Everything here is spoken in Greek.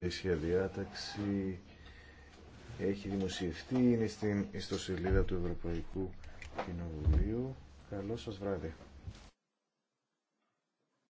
Η διάταξη έχει δημοσιευτεί, είναι στην ιστοσελίδα του Ευρωπαϊκού Κοινοβουλίου. Καλό σας βράδυ.